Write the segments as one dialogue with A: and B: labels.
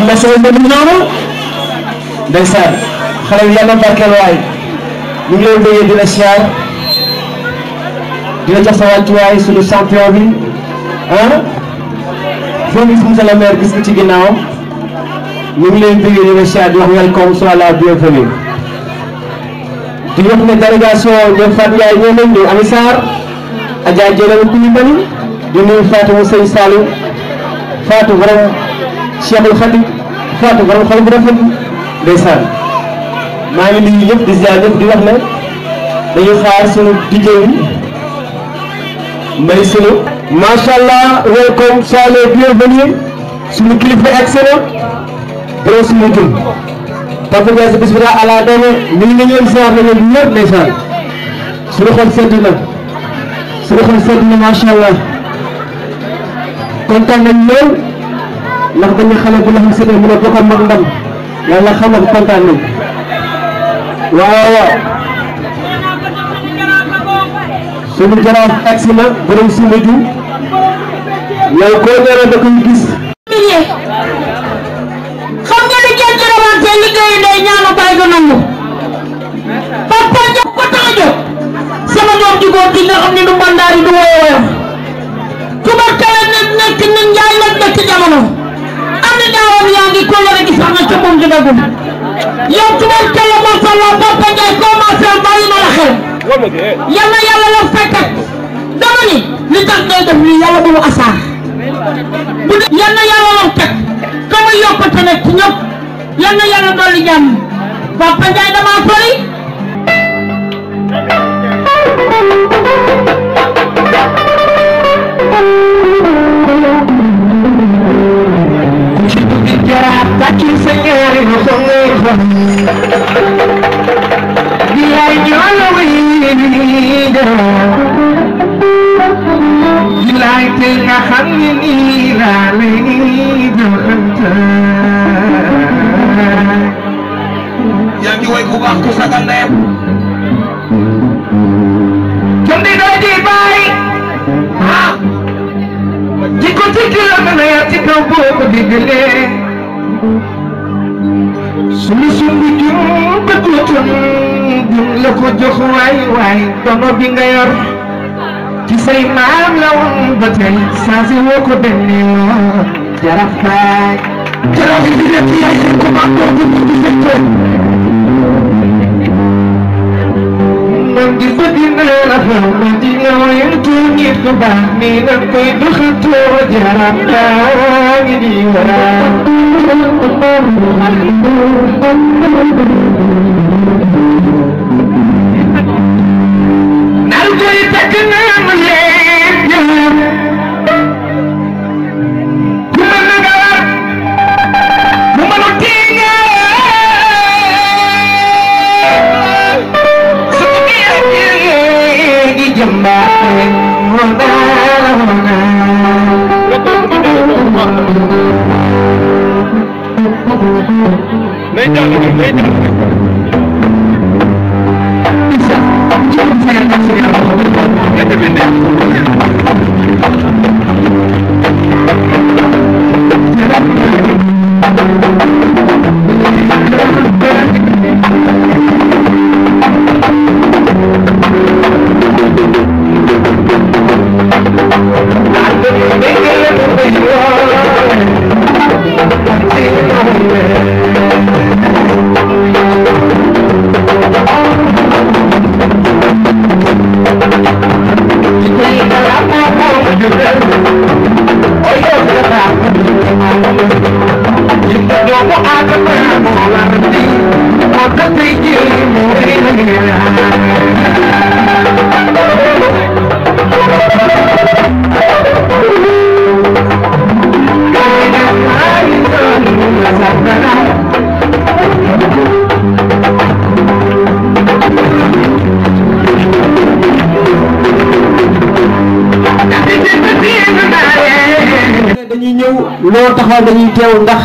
A: am na solo mbir mi noonu ndeysaan xale barkeel waay ñu ngi leen bëggee dina siyaar dina jox sa wàccuwaay suñu champion bi ah foofu fu mu sa la maire gis ci ginnaaw ñu ngi leen bëggee dina siyaar di wax welcome soit la bienvenue di wax ne délégation ñoom Fatou Ndiaye ñoo leen di Ami Sarr Cheikhul Khadim Fatou borom xol bu rafet ndeysaan maa ngi nuyu ñëpp di ziar ñëpp di wax ne dañu xaar sunu DJ Mbaye Sylla macha allah welcome sois les bienvenus suñu kilifa excellent sa bis bi daal ala doome ñu ngi leen na leen ñëpp ndeysaan suñu sedd na suñu xol sedd na macha allah ndax dañu xale bu la xam a joxoon mag ndam yàlla xam na ko kontaan nañ waaw waaw suñu jaraaf agsi na borom si mujj yow koo ñëwee da gis.
B: xam nga ni kenn jërëmante liggéeyu day ñaanu bàyyi ko nangu
A: papa jox ko tax a jóg sama doom ji góor gi nga sama ca moom jëndagum yow tubarkalla macha allah Papa Ndiaye commencé am bàyyi na la xel yal na yàlla la fekk dama ni li tax ngay def lii yàlla bu mu asaar
B: bu la
A: fekk ka ma yokkute nag
B: ci bilaay tey nga xam ne nii laa lay joxante yaa ngi woy bu baax ku sagal ne kon di doy di bàyyi ah jikko ci kilo mën a yaa ci kaw boo ko diggalee sunu sunu jum bëggutoon
A: nun la ko jox waay waay dono bi nga yor ci say
B: maam la woon ba tey saa si woo ko benn yoon jaraf baay jaraf bi nekk yaay seen commandant bu ñu di secteur man di sa dina la fa man di ñëw yentu nit ku baax nii nan koy doxantoo jaraf baa ngi di waay koy tagg na
A: loo taxaw dañuy teew ndax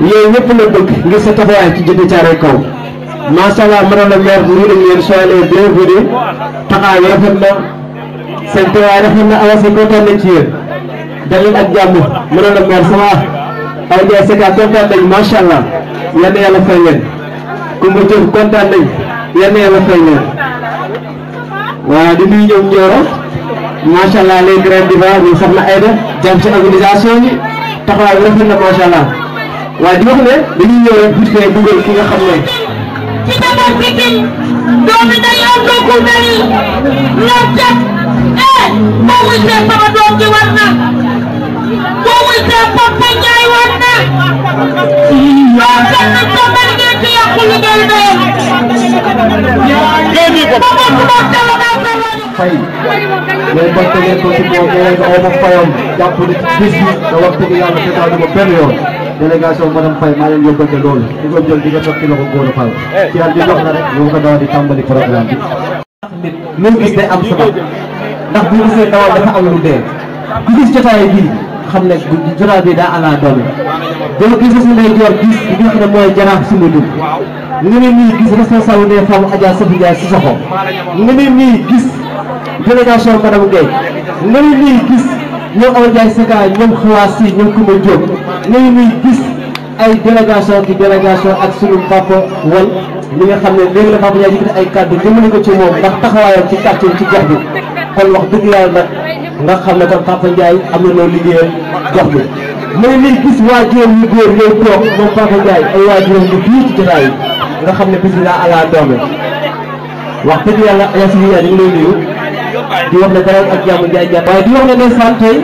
A: yooyu ñëpp la bëgg ngir sa taxawaay ci Djeddah Thiaroye Kaw macha allah madame la maire nuyu nañu leen soyez les bienvenus taxawaay rafet na seen teewaay rafet na avancé kontaan ak jàmm madame la maire sama aw Ndiaye Seck kontaan nañ macha allah yal na yàlla fay kontaan nañ yal na yàlla fay leen waaw di nuyu ñoom Nioro macha allah les grandes divas ñu soxna ci organisation yi. taxawaay bi rafet na macha allah waaye di wax ne dañuy ñëw rek vite fait dugal ki nga xam ne.
B: ci sama sikil doomi day am ko ku mel ñoom jot eh boo wusee sama doom ji war na boo wusee papa Ndiaye war na. waaw kenn ku ko mel ngeen ci yàqu liggéey doom.
A: fay mais partenaire ko ci moom nee nañ aw ma fayam jàpp na ci bis bi te wax dëgg yàlla seetaanu di ko jël di nga toog ci loxo góor a fal ci at bi jox na rek ñoo ko daal bi lu mu
B: gis day am sabab ndax
A: bu gisee dawal dafa am lu dee ku xam ne jotaay bi daa ala doole doo gis su joor gis nga xam ne mooy jaraaf suñu nga ne nii gis responsable des femmes Adja Sophie Ndiaye Sissoko nga ne nii gis délégation madame Guèye nañu ñuy gis ñoom Awa Ndiaye Seka ñoom Xawaasi ñoom Kumba Diop nañu ñuy gis ay délégation di délégation ak sunu papa wal li nga xam ne léegi la papa Ndiaye yëkkati ay kàddu jëmale ko ci moom ndax taxawaayam ci quartier ci gox bi kon wax dëgg yàlla nag nga xam ne kon papa Ndiaye am na loo liggéeyal gox bi. nañu ñuy gis waajuram yu góor yooyu toog moom papa Ndiaye ay waajuram yu fii ci jotaay nga xam ne bis bi daa ala doome
B: wax dëgg di
A: wax ne dalal ak jàmm Ndiaye Ndiaye. waaye di wax ne ndeysaan tey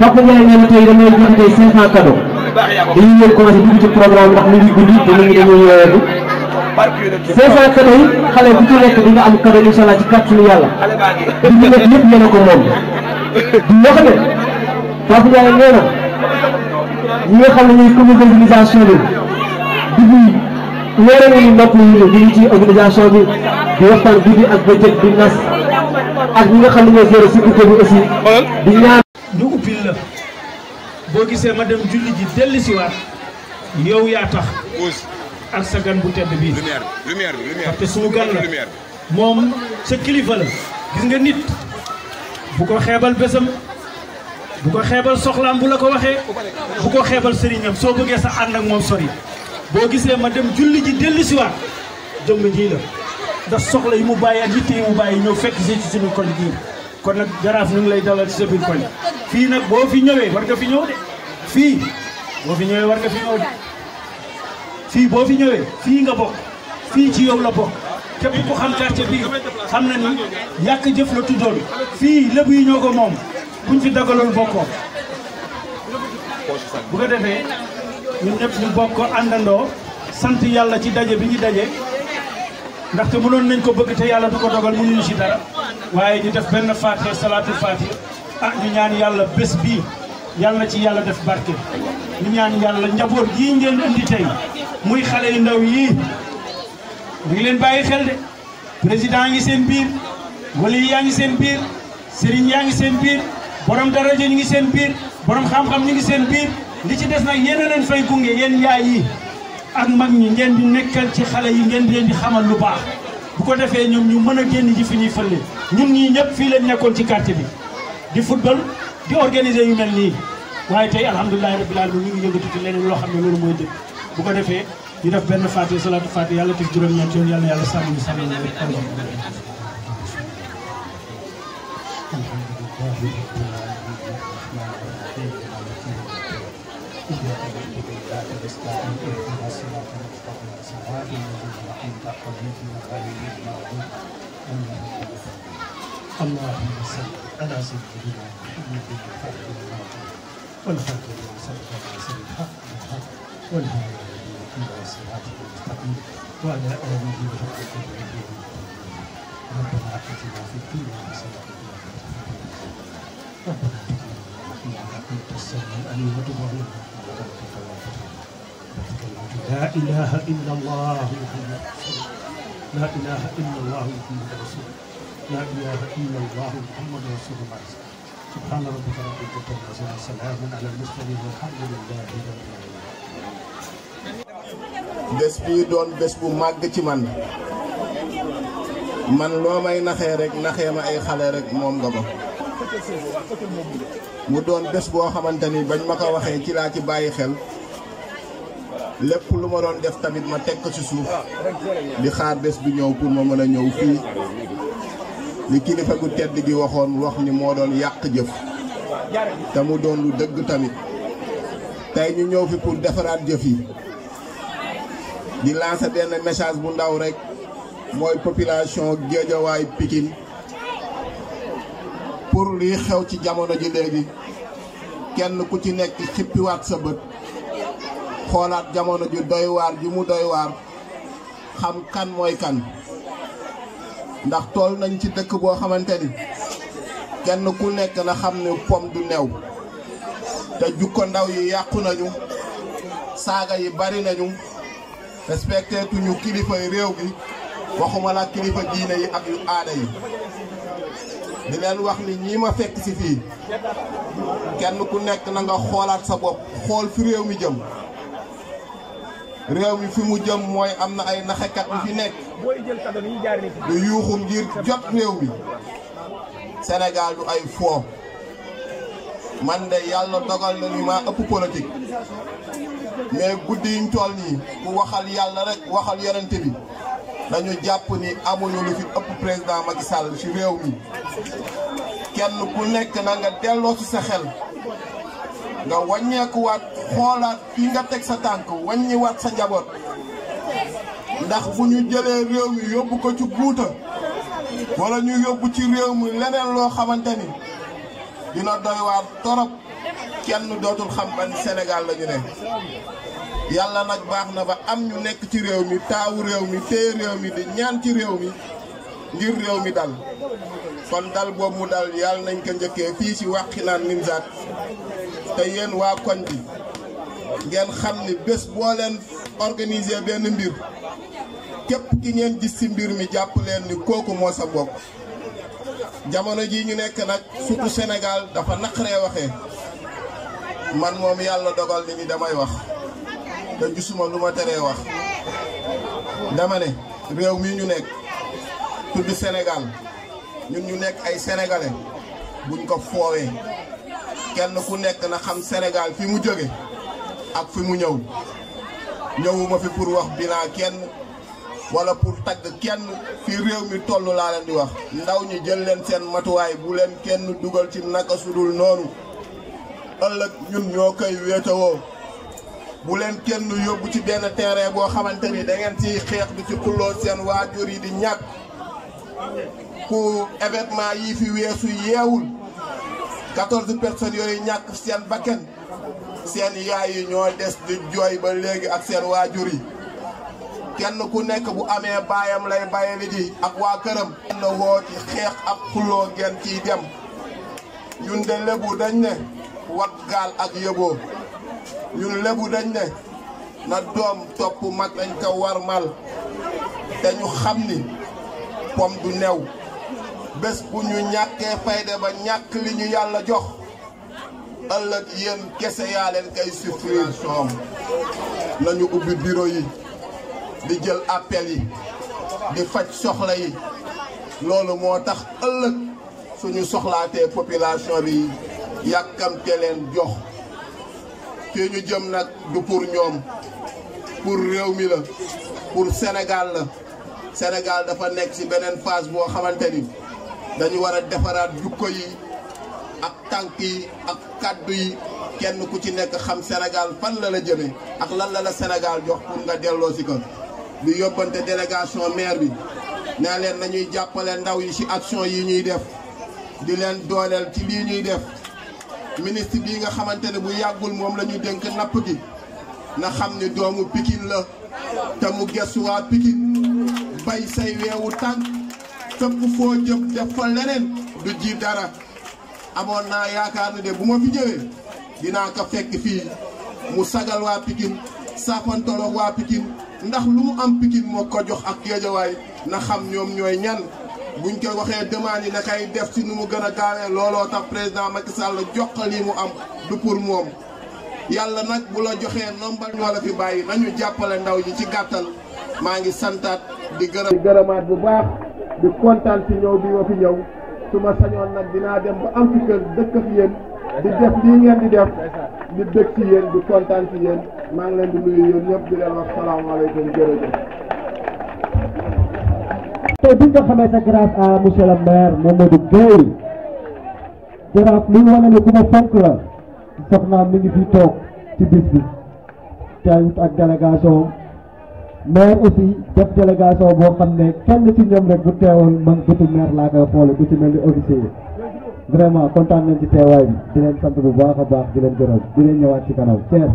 A: Papa Ndiaye nee na tey dañoo joxe tey 500 cadeaux dañuy ñëw commencé dugg ci programme ndax mi ngi guddi te nit ñi dañoo yeewu.
B: 500 cadeaux yi xale
A: bu ci nekk di nga am cadeau incha allah ci kàttanu yàlla di ñu nekk ñëpp yéen a ko moom. di wax ne Papa Ndiaye nee na ñi nga xam ne ñooy comité d'organisation bi di leeral nañu nopp yi ñu ngi ci organisation bi di waxtaan guddi ak bëccëg di nas.
C: ak ñi nga xam ne ñoo gën
A: a sécurité bi aussi. di ñaan.
C: ñu ubbil la gisee ma dem julli ji dellu si yaa tax ak sa bu tedd bii. lumière lumière lumière parce que suñu gan moom sa kilifa gis nga nit bu ko xeebal bésam bu ko xeebal soxlaam bu la ko waxee bu ko xeebal sëriñam soo bëggee sa ànd ak moom sori boo gisee ma dem julli ji dellu si waat jëmm ji la. ndax soxla yi mu bàyyi ak yitte yi mu bàyyi ñëw fekk si ci suñu koñ bii kon nag jaraaf ñu lay dalal ci sa koñ fii nag boo fi ñëwee war nga fi ñëw fii boo fi ñëwee ñëw de fii boo fi ñëwee fii nga bokk fii ci yow la bokk képp ku xam quartier bii xam na ni yàq jëf la tuddoon fii lébu yi ñoo ko moom buñ fi dagaloon bokkoo bu ko defee ñun ñëpp ñu bokk àndandoo sant yàlla ci daje bi ñu daje ndaxte mënoon nañ ko bëgg te yàlla du ko dogal ñu ci dara waaye ñu def benn faatiha salaatul faatiha ah ñu ñaan yàlla bés bii yàlla na ci yàlla def barke ñu ñaan yàlla njaboot gii ngeen indi tey muy xale yu ndaw yii ñu ngi leen bàyyi xel de président ngi seen biir wali yaa ngi seen biir sëriñ yaa ngi seen biir borom daraja ñu ngi seen biir borom xam-xam ñu ngi seen biir li ci def nag yéen a leen fay gunge yéen yaay yi ak mag ñi ngeen di nekkal ci xale yi ngeen leen di xamal lu baax bu ko defee ñoom ñu mën a génn ji fi ñuy fële ñun ñi ñëpp fii leen nekkoon ci quartier bi di football di organiser yu mel nii waaye tey alhamdulilahi rabbil alamin ñu ngi yëngatu ci leneen loo xam ne loolu mooy dëgg bu ko defee ñu def benn fàtte salaatu fàtte yàlla tif juróom-ñeent yoon yàlla yàlla sàmm ñu sàmm ñu
B: تستعين اهدنا الصراط المستقيم صراط الذين انعمت عليهم غير المغضوب عليهم اللهم صل على سيدنا محمد الفاتح لما والحمد لله صلى الله عليه وسلم الحق بالحق والهدى الى صراط المستقيم وعلى اله وصحبه اجمعين ربنا اتنا في الدنيا حسنه ربنا اتنا في
C: الدنيا حسنه وقنا عذاب النار
B: laa ilaha
D: bés bii doon bés bu màgg ci man man loo may naxe rek naxee ma ay xale rek moom nga ma mu doon bés boo xamante ni bañ ma ko waxee ci laa ci bàyyi xel lépp lu ma doon def tamit ma teg ko ci suuf di xaar bés bi ñëw pour ma mën a ñëw fii li kilifa gu tedd gi waxoon wax ni moo doon yàq jëf te mu doon lu dëgg tamit tey ñu ñëw fi pour defaraat jëf yi di lancer benn message bu ndaw rek mooy population Géejawaay Pikine pour liy xew ci jamono ji léegi kenn ku ci nekk xippiwaat sa bët xoolaat jamono ju doy waar ju mu doy waar xam kan mooy kan ndax tool nañ ci dëkk boo xamante ni kenn ku nekk la xam ne pom du new te jukko ndaw yi yàqu nañu saaga yi bari nañu respecté kilifay réew gi waxuma la kilifa diine yi ak yu aada yi di leen wax ni ñii ma fekk ci fii kenn ku nekk na nga xoolaat sa bopp xool fi réew mi jëm réew mi fi mu jëm mooy am na ay naxekat yu fi nekk lu yuuxu ngir jot néew mi Sénégal du ay foo man de yàlla dogal na ni maa ëpp politique mais guddi yiñ toll nii ku waxal yàlla rek waxal yorente bi dañu jàpp ni amuñu lu fi ëpp président Macky Sall ci réew mi kenn ku nekk na nga delloo ci sa xel nga wàññeekuwaat xoolaat fii nga teg sa tànk wàññiwaat sa njaboot ndax bu ñu jëlee réew mi yóbbu ko ci buuta walla ñu yóbbu ci réew mi leneen loo xamante ni dina doy waar torop kenn dootul xam ban Sénégal la ñu ne yàlla nag baax na ba am ñu nekk ci réew mi taawu réew mi téye réew mi di ñaan ci réew mi ngir réew mi dal kon dal boobu mu dal yàlla nañ ko njëkkee fii ci Wakhinane Nimzatt te yéen waa koñ bi ngeen xam ni bés boo leen organiser benn mbir képp ki ngeen gis ci mbir mi jàpp leen ni kooku moo sa bokk jamono ji ñu nekk nag surtout Sénégal dafa naqaree waxee man moom yàlla dogal ni ñu damay wax te gisuma lu ma teree wax dama ne réew mi ñu nekk tudd Sénégal ñun ñu nekk ay sénégalais buñ ko foowee kenn ku nekk na xam Sénégal fi mu jóge ak fi mu ñëw ñëwuma fi pour wax bilan kenn wala pour tagg kenn fi réew mi toll laa leen di wax ndaw ñi jël leen seen matuwaay bu leen kenn dugal ci naka sudul noonu ëllëg ñun ñoo koy wéetawoo bu leen kenn yóbbu ci benn terrain boo xamante ni da ngeen ciy xeex di ci xulloo seen waajur yi di ñàkk ku événement yi fi weesu yeewul 14 personnes yooyu ñàkk seen bakken seen yaay ñoo des di jooy ba léegi ak seen waajur yi kenn ku nekk bu amee baayam lay bayali ji ak waa këram na wooti xeex ak xuloo ngeen ciy dem ñun de lébu dañ ne wat ak yóbboo ñun lébu dañ ne na doom topp mag dañ ko te ñu xam ni pom du new bés bu ñu ñàkkee fayda ba ñàkk li ñu yàlla jox ëllëg yéen kese yaa leen kay souffrir soom nañu ubbi biro yi di jël appel yi di faj soxla yi loolu moo tax ëllëg suñu soxlaatee population bi yàkkamte leen jox fii ñu jëm nag du pour ñoom pour réew mi la pour Sénégal la Sénégal dafa nekk ci beneen phase boo xamante ni dañu war a defaraat jukko yi ak tànk yi ak kàddu yi kenn ku ci nekk xam Sénégal fan la la jëme ak lan la la Sénégal jox pour nga delloo si ko lu yóbbante délégation maire bi nee leen nañuy jàppale ndaw yi ci action yi ñuy def di leen dooleel ci lii ñuy def ministre bii nga xamante ne bu yàggul moom la ñu dénk napp gi na xam ni doomu Pikine la te mu gëstu waa Pikine bay say weewu tànk fépp foo jëm def fa leneen du ji dara amoon naa yaakaar ne de bu ma fi ñëwee dinaa ko fekk fii mu sagal waa Pikine saafantoloog waa Pikine ndax lu mu am Pikine moo ko jox ak géejawaay na xam ñoom ñooy ñan buñ ko waxee demande yi na koy def ci nu mu gën a gaawee looloo tax président ma Macky Sall jox lii mu am du pour moom yàlla nag bu la joxee nombal ñoo la fi bàyyi nañu jàppale ndaw ñi ci gàttal maa ngi santaat di gërëm di gërëmaat bu baax di kontaan ci ñëw bi ma fi ñëw su ma sañoon nag dinaa dem ba am ci kër dëkk ak yéen di def lii di def di ngi leen di
A: nga xamante ne grâce à le maire Mamadou Gueye jaraaf li mu wane ne ku mi ngi fi toog ci bis bi teewut ak délégation mais aussi def délégation boo xam ne kenn ci ñoom rek bu teewoon man bëtu maire laa koy xoole bu ci mel ni officier vraiment kontaan nañ ci teewaay bi di leen sant bu baax a baax di leen gërëm di leen ñëwaat ci kanam Thiès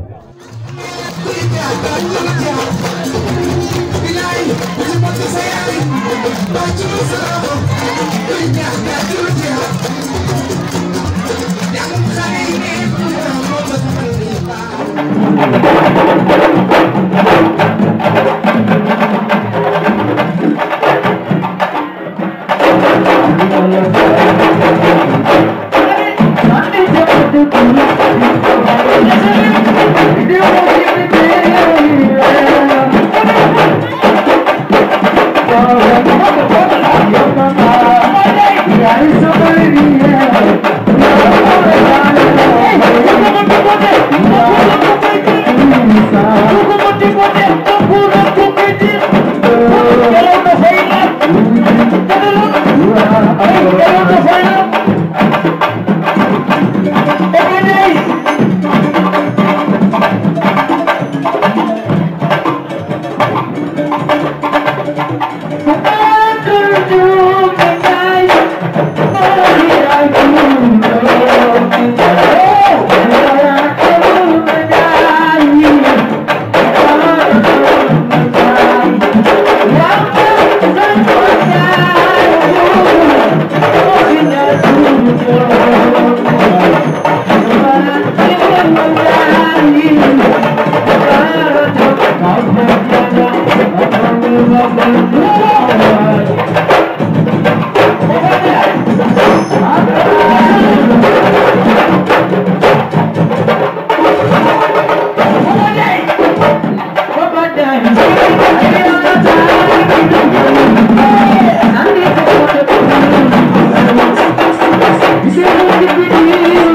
B: Thank you.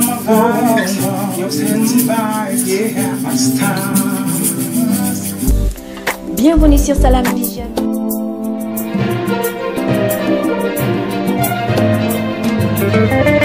C: summer vibe, your sexy vibe, yeah, my style.
D: Bienvenue sur Salam Vision.
B: thank you